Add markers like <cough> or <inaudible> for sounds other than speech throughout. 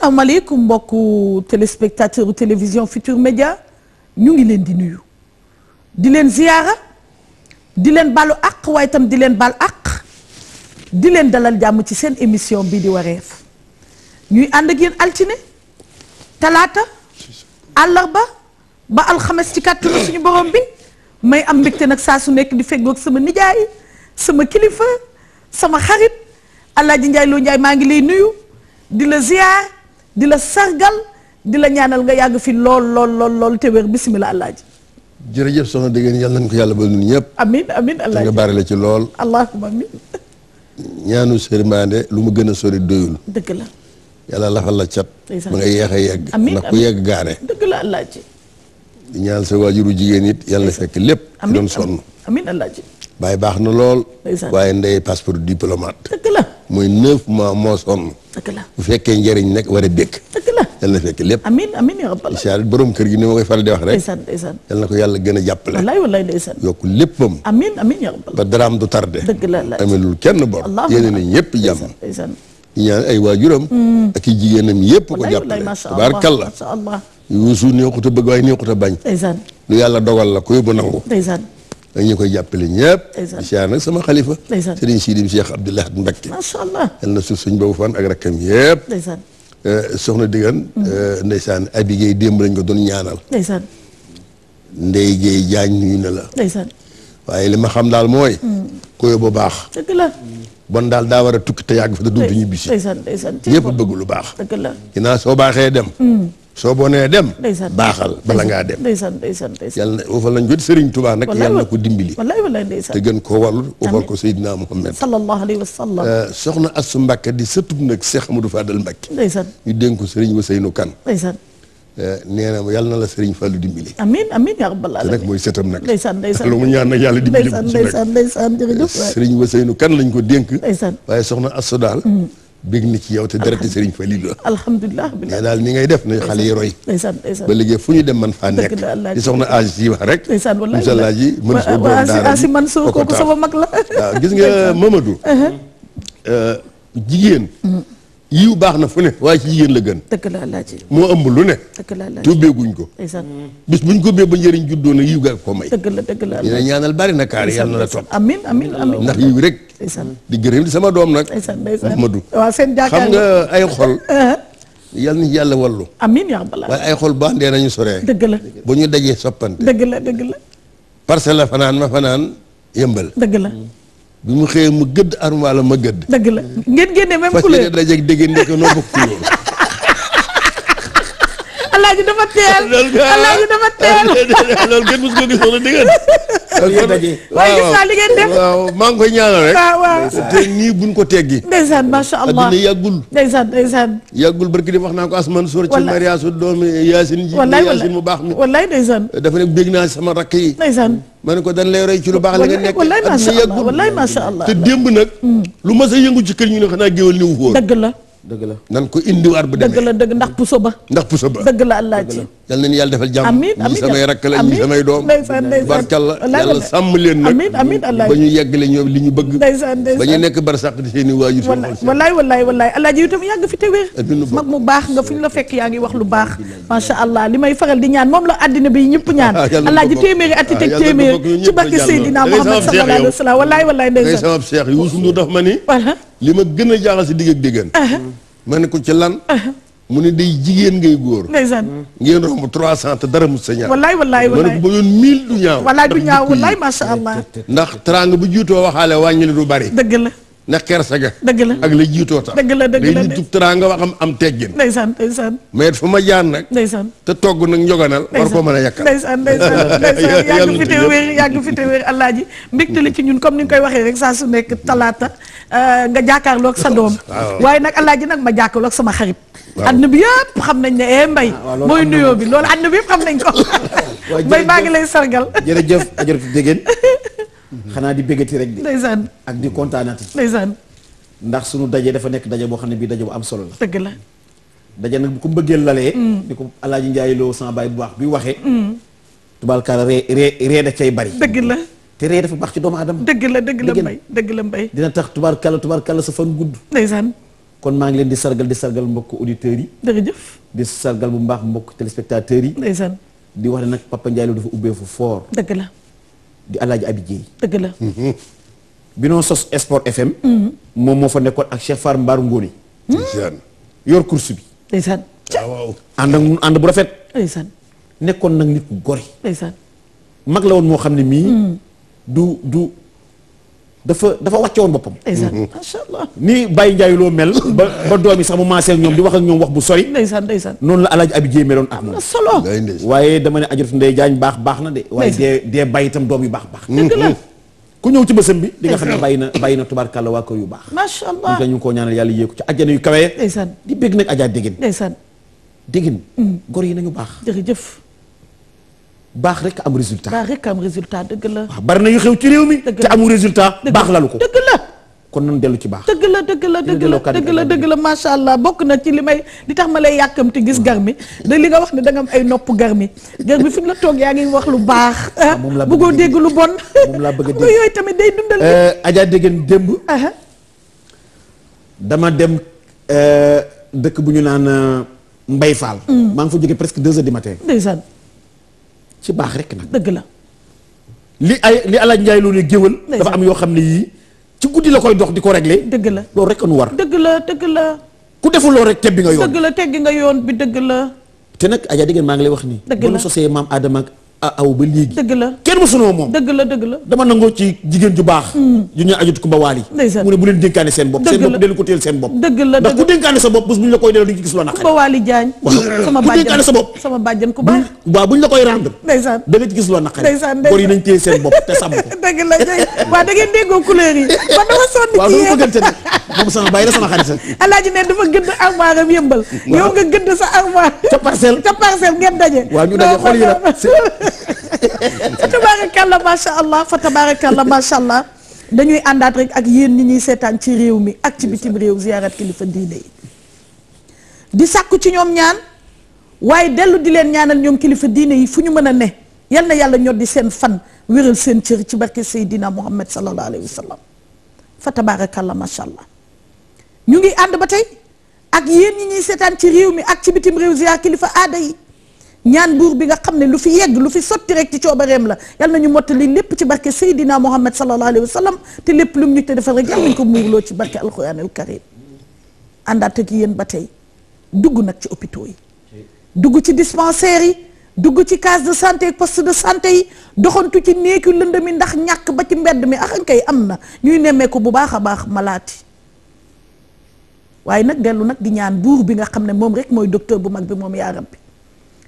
salaamaaleykum mbokku téléspectateur bu télévision Futur Média ñu ngi leen di nuyu di leen ziyaara di leen baalu àq waaye itam di leen baal àq di leen dalal jàmm ci seen émission bii di wareef ñuy ànd ak yéen altine talaata àllarba ba alxames ci kàttanu suñu borom bi may am mbégte nag saa su nekk di feggoog sama nijaay sama kilifa sama xarit Alaaji Njaay Loo Njaay maa ngi lay nuyu di la ziyaar di la sargal di la ñaanal nga yàgg fi lool lool lool lool te wér bisimilah alaaji jërëjëf soxna dégg ngeen yàlla nañ ko yàlla ba nun ñëpp amin amin alaaji nga baare la ci lool allahuma amin ñaanu lu mu gën a sori doyul dëgg la yàlla lafal la cat ba nga yeex yegg ndax ku yegg gaare dëgg sa waajuru jigéen it yàlla fekk lépp doon sonn amin bàyyi baax na lool. waaye ndey passeport diplomate. dëgg la muy neuf mois moo sonn. bu fekkee njëriñ nekk war a békk. dëgg na fekk lépp. amiin amiin borom kër gi ni ma koy faral di wax rek. ndeysaan na ko yàlla gën a jàppale. wallaay wallaay ndeysaan. yokk léppam. ba daraam du tardé. dëgg la kenn bor. yéene na ñëpp jàmm. ndeysaan ñaan ay waajuram. Hmm. ak i jigéenam yëpp ko jàppale. tabarakallah yuusu neexut a bëgg waaye neexut a bañ. lu yàlla dogal la ko yóbbu nangu. ak ñu koy jàppale ñëpp di siyaar nag sama xalifa sëriñ Siidi Cheikh Abdoulaye Mbacké macha allah yal na suuf suñ boobu fan ak rakkam yëpp ndeysaan eh, soxna diggan mm-hmm. eh, ndeysaan abi géey démb lañ ko doon ñaanal ndeysaan ndey jaañ nuyu na la waaye li ma xam daal mooy mm. ku bu baax dëgg bon daal daa war a tukki te yàgg fa te duutu ñibbisi ndeysaan ndeysaan bëgg lu baax dëgg la soo baaxee dem mm. soo boo nee dem. baaxal bala ngaa dem. ndeysaan ndeysaan ndeysaan. yàlla na lañ jot Serigne Touba nag. yàlla na ko dimbali. wallaay wallaay ndeysaan. te gën koo wàllu ufal ko Seydina Muhammad. sallallahu alayhi wa sallam. Euh, soxna Assu Mbacke di sëtub nag Cheikh Amadou Fadal Mbacke. ndeysaan ñu dénk ko Serigne Ousseynou Kane. ndeysaan. Euh, nee na yàlla na la Serigne Fallou dimbali. amiin amiin yaa rabbal aalamiin. nag mooy nag. ndeysaan ndeysaan lu mu ñaan nag yàlla dimbali. ndeysaan ndeysaan ndeysaan jërëjëf. Serigne Ousseynou Kane lañ ko dénk. ndeysaan waaye soxna Assu daal mm. bég na ci yow te deret Serigne Fallilou la. alhamdulilah ni ngay def na xale yi roy. ndeysaan ndeysaan fu ñu dem man faa nekk. di soxna Asi si wax rek. ndeysaan wallaahi la ji mën soo borom daara ji man soo kooku sama mag la. gis nga Mamadou. Uh-huh. Euh, jigéen. Mm-hmm. yiw baax na fu ne waaye ci jigéen la gën. dëgg la alaaji. moo ëmb lu ne. dëgg la alaaji tuubeeguñ ko. ndeysaan bis buñ ko bee ba njëriñ juddoo na yiw ga ko may. dëgg ñaanal bari na kaar yàlla na la topp. amiin amiin yiw rek di gërëm di sama doom nag. Ahmadu waaw seen jàkkaarloo xam nga ay xol. <laughs> Uh-huh. yal na yàlla wallu. amiin yaa rabbal waaye ay xol bandee nañu soree. dëgg la bu ñu dajee soppante. dëgg la dëgg la. fanaan ma fanaan yëmbal. dëgg la. bi mu xëyee mu gëdd armoire la ma dëgg la ngeen génne même couleur parce que dajeeg dégg ndek noo bokk couleur. <laughs> alaaji dafa teel <laughs> alaaji dafa teel loolu kenn mës ko gis wala dégg waaye gis naa li ngeen def waaw maa ngi koy ñaanal rek. waaw waaw te nii buñ ko teggi. ndeysaan macha allah adduna yàggul. ndeysaan ndeysaan. yàggul barki di wax naa ko Asman Soor. ci mariage doomi Yaasin ji Yaasin mu baax mi. wallaay ndeysaan. dafa ne bég naa sama rakk yi. ndeysaan. ma ne ko dañ lay roy ci lu baax la nga nekk adduna yàggul wallaay macha allah te démb nag. Mm. lu mas a yëngu ci kër ñu ne xanaa géwal ni wu dëgg dëgg la nan ko indiwaat bu demee dëgg la dëgg ndax puso ba ndax puso ba dëgg la allah ci yal nañu yàlla defal jàmm amiin amiin ñi samay rakk la ñi samay doom barkalla yàlla sàmm leen nag ba ñu yeggale ñoom li bëgg ba ñu nekk barsàq di seen i mag mu baax nga fu ñu la fekk yaa ngi wax lu baax macha allah li may faral di ñaan moom la àddina bi ñëpp ñaan allah ah, ji téeméeri atti ah, téeméeri ci barke Seydina Muhammad sallallahu alayhi wa sallam wallaay wallaay ndeysaan sama cheikh Youssou Ndour daf ma ni li ma gën a jaaxal si digg ak diggan ma ne ko ci lan mu ne day jigéen ngay góor ndeysaan ngeen romb trois cent te dara mu sa ñaaw wallaay wallaay wallaay ma ne ko ba yoon mille du ñaaw wallaay du ñaaw wallaay macha allah ndax teraanga bu jiitoo waxaale wàññi li du bari dëgg la ndax kersa ga dëgg la ak la jiitoo tax dëgg la dëgg la day tub traa nga wax am am teggin ndeysaan ndeysaan mais fu ma jaan nag ndeysaan te togg nag njoganal war koo mën a yàkkal ndeysaan ndeysaan <laughs> ndeysaan fi te wér yàgg fi te wér ñun comme ni nga koy waxee rek saa su nekk talaata euh, nga jàkkaarloog sa doom <laughs> waaye nag alaaji nag ma jàkkaarloog sama xarit àdduna bi yëpp xam nañ ne eh mbay ah, mooy nuyoo bi loolu àdduna bi yëpp xam nañ ko <laughs> mbay maa ngi lay sargal jërëjëf ajërëjëf xanaa di béggati rek di ndeysaan ak di kontaanati ndeysaan ndax sunu daje dafa nekk daje boo xam ne bii daje bu am solo la la daje nag bu ko mbëggeel lalee mm. ni ko alaaji Njaay loo sama bu baax bi waxee mm. tubaarkalla ree da cay bari dëgg la te ree dafa ci doomu aadama dëgg la dëgg la mbay dëgg la mbay dina tax tubaarkalla tubaarkalla sa fan gudd ndeysaan kon maa ngi leen di sargal di sargal mbokk auditeurs yi jërëjëf di sargal bu mbaax mbokk téléspectateurs yi ndeysaan di wax ne nag Papa Ndiaye dafa dafa ubbeefu fort dëgg la di Alaaji Abi Jéey dëgg la mhm. bi noo sos Sport FM mhm. moom moo fa nekkoon ak Cheikh Far Mbaar Ngóone mhm. yor course bi ndeysaan ah, waaw ànd ak ànd bu rafet ndeysaan nekkoon nag nit ku gore mag la woon moo xam ne mii du du dafa dafa wàcce woon boppam. Mhm. macha allah ni Baye Ndiaye mel. ba ba doom yi sax mu maaseel ñoom di wax ak ñoom wax bu sori. ndeysaan ndeysaan noonu la El Hadj Abi Dieng meloon ah moom. solo waaye dama ne ajot ndey jaañ baax baax na de. waaye dee dee Baye itam doom yu baax baax. Mhm. ku ñëw ci bësam bi. di nga xam ne bàyyi na bàyyi na tubaarkàlla waa kër yu baax. macha allah ñu ngi ko ñaanal yàlla yéeku ci ajjana yu kawe. ndeysaan di bégg nag ajaa déggin. ndeysaan déggin. Mhm. gor yi nañu baax jërëjëf baax rek am résultat baax rek am dëgg la. bari na yu xew ci réew mi. te amul résultat baax lalu ko dëgg la. kon nan dellu ci baax. dëgg la dëgg la dëgg la la dëgg la macha allah bokk na ci li may li tax ma lay yàkkamti gis gar mi da li nga wax ne danga am ay nopp gar mi gar mi fi ñu la toog yaa ngi wax lu baax. Ah, moom laa ah, bëggoo dégg lu bon. moom laa bëgg a dégg yooyu tamit day dundal. Eh, Adja dégg ngeen démb. Ah, dama dem eh, dëkk bu ñu naan euh, Mbay Fall. Mm. maa ngi fa jógee presque deux heures du matin. ci baax rek nag. dëgg la. li ay li Alaaji Njaay loolu géwël dafa am yoo xam ne yii ci guddi la koy dox di ko régler. dëgg la loolu rek nu war. dëgg la dëgg la. ku defuloo loolu rek tebbi nga yoon dëgg la teggi nga yoon bi dëgg la. te nag Adja dégg ngeen maa ngi lay wax nii. dëgg la bu nu sosee maam Adama aw ba léegi. dëgg la kenn mosunoo moom. dëgg la dëgg la dama nangoo ci jigéen ju baax. ju ñu ajut kumba mu ne bu leen dénkaane seen bopp. dëgg la ndax ku dénkaane sa bopp bés bu la sama bàjjan sa bopp. sama bàjjan ku baax. waaw bu ñu la koy rendre. ndeysaan da nga ci gis loo naqari. ndeysaan ndeysaan góor <laughs> <laughs> yëmbal yow nga gëdd sa armoire ca parcelle ca parcelle ngeen daje waaw ñu daje xool yi la fa <laughs> tabarakallah macha allah fa tabarakallah macha allah dañuy àndaat rek ak yéen ñi ñuy seetaan ci réew mi ak ci bitim réew ziyaaraat kilifa diine yi di sàkku ci ñoom ñaan waaye dellu di leen ñaanal ñoom kilifa diine yi fu ñu mën a ne yal na yàlla ñor di seen fan wéral seen cër ci barke Seydina Muhammad sallallahu alayhi wa sallam fa tabarakallah macha allah ñu ngi ànd ba tey ak yéen ñi ñuy seetaan ci réew mi ak ci bitim réew ziyaar kilifa aada yi ñaan buur bi nga xam ne lu fi yegg lu fi sotti rek ci coobareem la yal nañu mottali lépp ci barke Seydina Muhammad sallallahu alayhi wa sallam te lépp lu mu ñu te defal rek yal nañu ko muurloo ci barke alquranil karim àndaat ak yéen ba tey dugg nag ci hôpitaux yi dugg ci dispensaires yi dugg ci case de santé ak poste de santé yi doxantu ci néegu lënd mi ndax ñàkk ba ci mbedd mi ak ah, kay am na ñuy nemmeeku bu baax a baax malaati waaye nag dellu nag di ñaan buur bi nga xam ne moom rek mooy docteur bu mag bi moom yaaram bi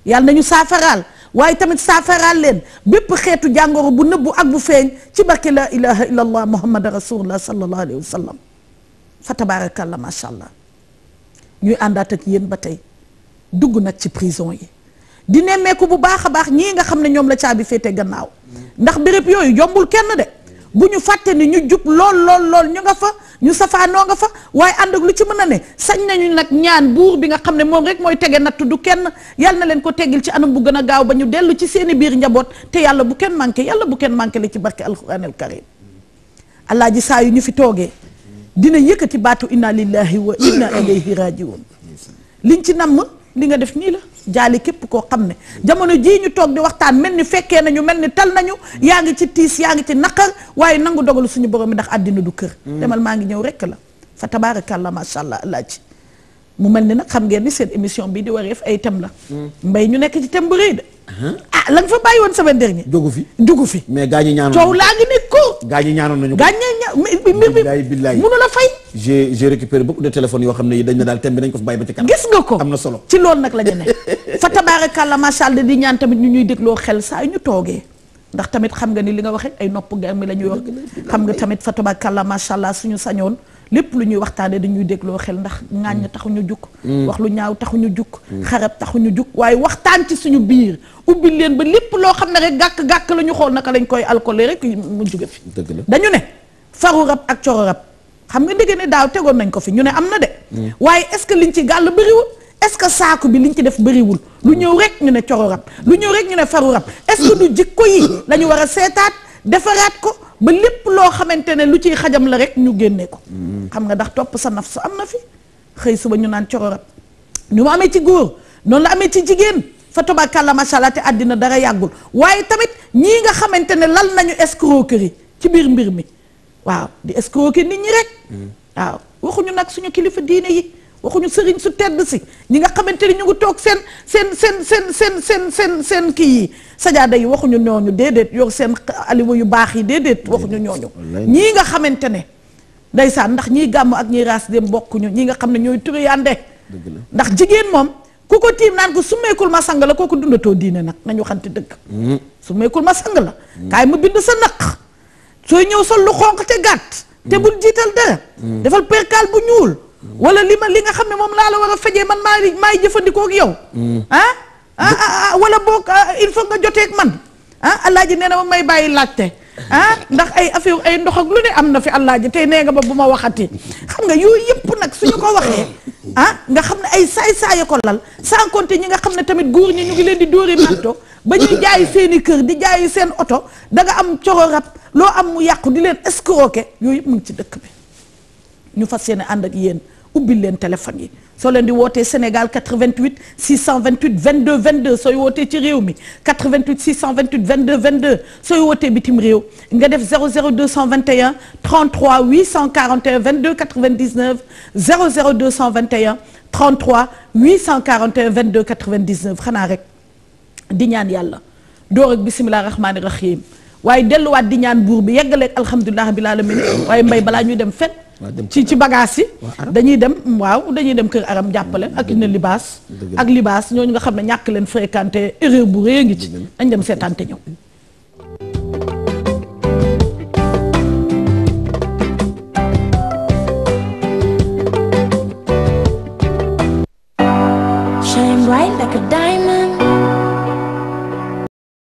yàlla nañu saafaraal waaye tamit saafaraal leen bépp xeetu jàngoro bu nëbbu ak bu feeñ ci barke la ilaha illallah muhammad rasulullah sallallahu alayhi wa sallam fa tabarakallah macha allah ñuy àndaat ak yéen ba tey dugg nag ci prison yi di nemmeeku bu baax a baax ñii nga xam ne ñoom la caabi féete gannaaw ndax béréb yooyu jombul kenn de bu ñu fàttee ni ñu jub lool lool lool ñu nga fa ñu safaanoo nga fa waaye ànd ak lu ci mën a ne sañ nañu nag ñaan buur bi nga xam ne moom rek mooy tege natt du kenn yal na leen ko teggil ci anam bu gën a gaaw ba ñu dellu ci seeni biir njaboot te yàlla bu kenn manqué yàlla bu kenn manqué li ci barke alquran al karim alaaji saa yu ñu fi toogee dina yëkkati baatu inna lillahi wa inna ilayhi rajiun liñ ci namm li nga def nii la jaali képp koo xam ne jamono jii ñu toog di waxtaan mel ni fekkee nañu mel ni tal nañu yaa ngi ci tiis yaa ngi ci naqar waaye nangu dogalu suñu borom mi ndax àddina du kër mm. demal maa ngi ñëw rekk la fa tabaarakàllah macha allah alaaji mu mel ni nag xam ngeen ni seen émission bi di wareef ay thème la mm. mbay ñu nekk ci thème bu rëy de ah la nga fa bàyyi woon semaine dernière jógu fi jógu fi mais gaañi ñaanoon coow laa ngi ne ko gaañi ñaanoon nañu gaañi ña mbir bi mënu la fay j'ai j'ai récupéré beaucoup de téléphones yoo xam ne dañ na daal thème bi nañ ko fi bàyyi ba ci kanam. gis nga ko ci loolu nag la ne <laughs> fa tabaarakàlla macha allah ñaan tamit ñu ñuy dégloo xel saa ñu toogee ndax tamit xam nga ni li nga wax ay nopp ga mi la ñuy wax xam nga tamit fa tabaarakàlla macha allah suñu sañoon lépp lu ñuy waxtaanee dañuy dégloo xel ndax ŋaañ mm. taxuñu jukk mm. wax lu ñaaw taxuñu jukk mm. xarab taxuñu jukk waaye waxtaan ci suñu biir ubbi leen ba lépp loo xam ne rek gàkk-gàkk la ñu xool naka lañ koy alcoolé rek mu jóge fi dañu ne faru rab ak coro rab xam nga dégg ne daaw tegoon nañ ko fi ñu ne am na de. Mm. waaye est-ce que liñ ci gàll bëriwul est-ce que saaku bi liñ ci def bëriwul lu mm. ñëw rek ñu ne coro rab lu ñëw rek ñu ne faru rab est-ce que du jikko yi mm. la war a seetaat defaraat ko ba lépp loo xamante ne lu ciy xajam la rek ñu génne ko. xam nga ndax topp sa naf su am na fi xëy suba ñu naan coro rab ñu mu amee ci góor noonu la amee ci jigéen. fa tubaakàlla macha allah te àddina dara yàggul waaye tamit ñii nga xamante ne lal nañu escroquerie ci biir mbir mi waaw di escroquer nit ñi rek. Mm-hmm. waaw waxuñu nag suñu kilifa diine yi waxuñu sëriñ su tedd si ñi nga xamante ni ñu ngi toog seen seen seen seen seen seen seen seen kii yi sajaada yi waxuñu ñooñu déedéet yor seen aliwa yu baax yi déedéet waxuñu ñooñu. ñii nga xamante ne. ndeysaan ndax ñiy gàmm ak ñiy ras dem bokkuñu ñi nga xam ne ñooy turiyande ndax jigéen moom. ku ko tiim naan ko su ma sang la kooku dundatoo diine nag nañu xanti dëgg. Mm-hmm. su meekul ma sang la. Mm-hmm. kaay ma bind sa naq. sooy ñëw sol lu xonq te gàtt. te bul jiital dara. defal perkaal bu ñuul. wala li ma li nga xam ne moom laa la war a fajee man maa maay jëfandikoo yow. Mm. Ah? Ah, ah ah wala boog ah, il faut nga jotee man ah alaaji nee na ma may bàyyi laajte ndax ay affaire ay ndox ak lu ne am na fi alaaji tey nee nga ba bu ma waxati xam nga yooyu yëpp nag suñu ko waxee nga xam ne ay saay saaya ko lal sans ñi nga xam ne tamit góor ñi ñu ngi leen di dóore manto ba ñuy jaay seeni kër di jaayi seen oto danga am coro rab loo am mu yàqu di leen escroquer yooyu yëpp mu ngi ci dëkk bi ñu fas yéene ànd ak yéen ubbil leen téléphone yi soo leen di wootee Sénégal 88 628 22 22 sooy wootee ci réew mi 88 628 22 22 sooy wootee bitim réew nga def 00 221 33 841 22 99 00 221 33 841 22 99 xanaa rek. di ñaan yàlla door ak bisimilah rahmaani rahiim waaye delluwaat di ñaan buur bi bi alhamdulilah bil alamin waaye mbay balaa ñuy dem fen ci ci bagaas yi dañuy dem waaw dañuy dem kër aram jàppale ak ina libaas ak libaas ñooñu nga xam ne ñàkk leen fréquenté erreur bu rëy a ngi ci dañ dem seetaante ñëw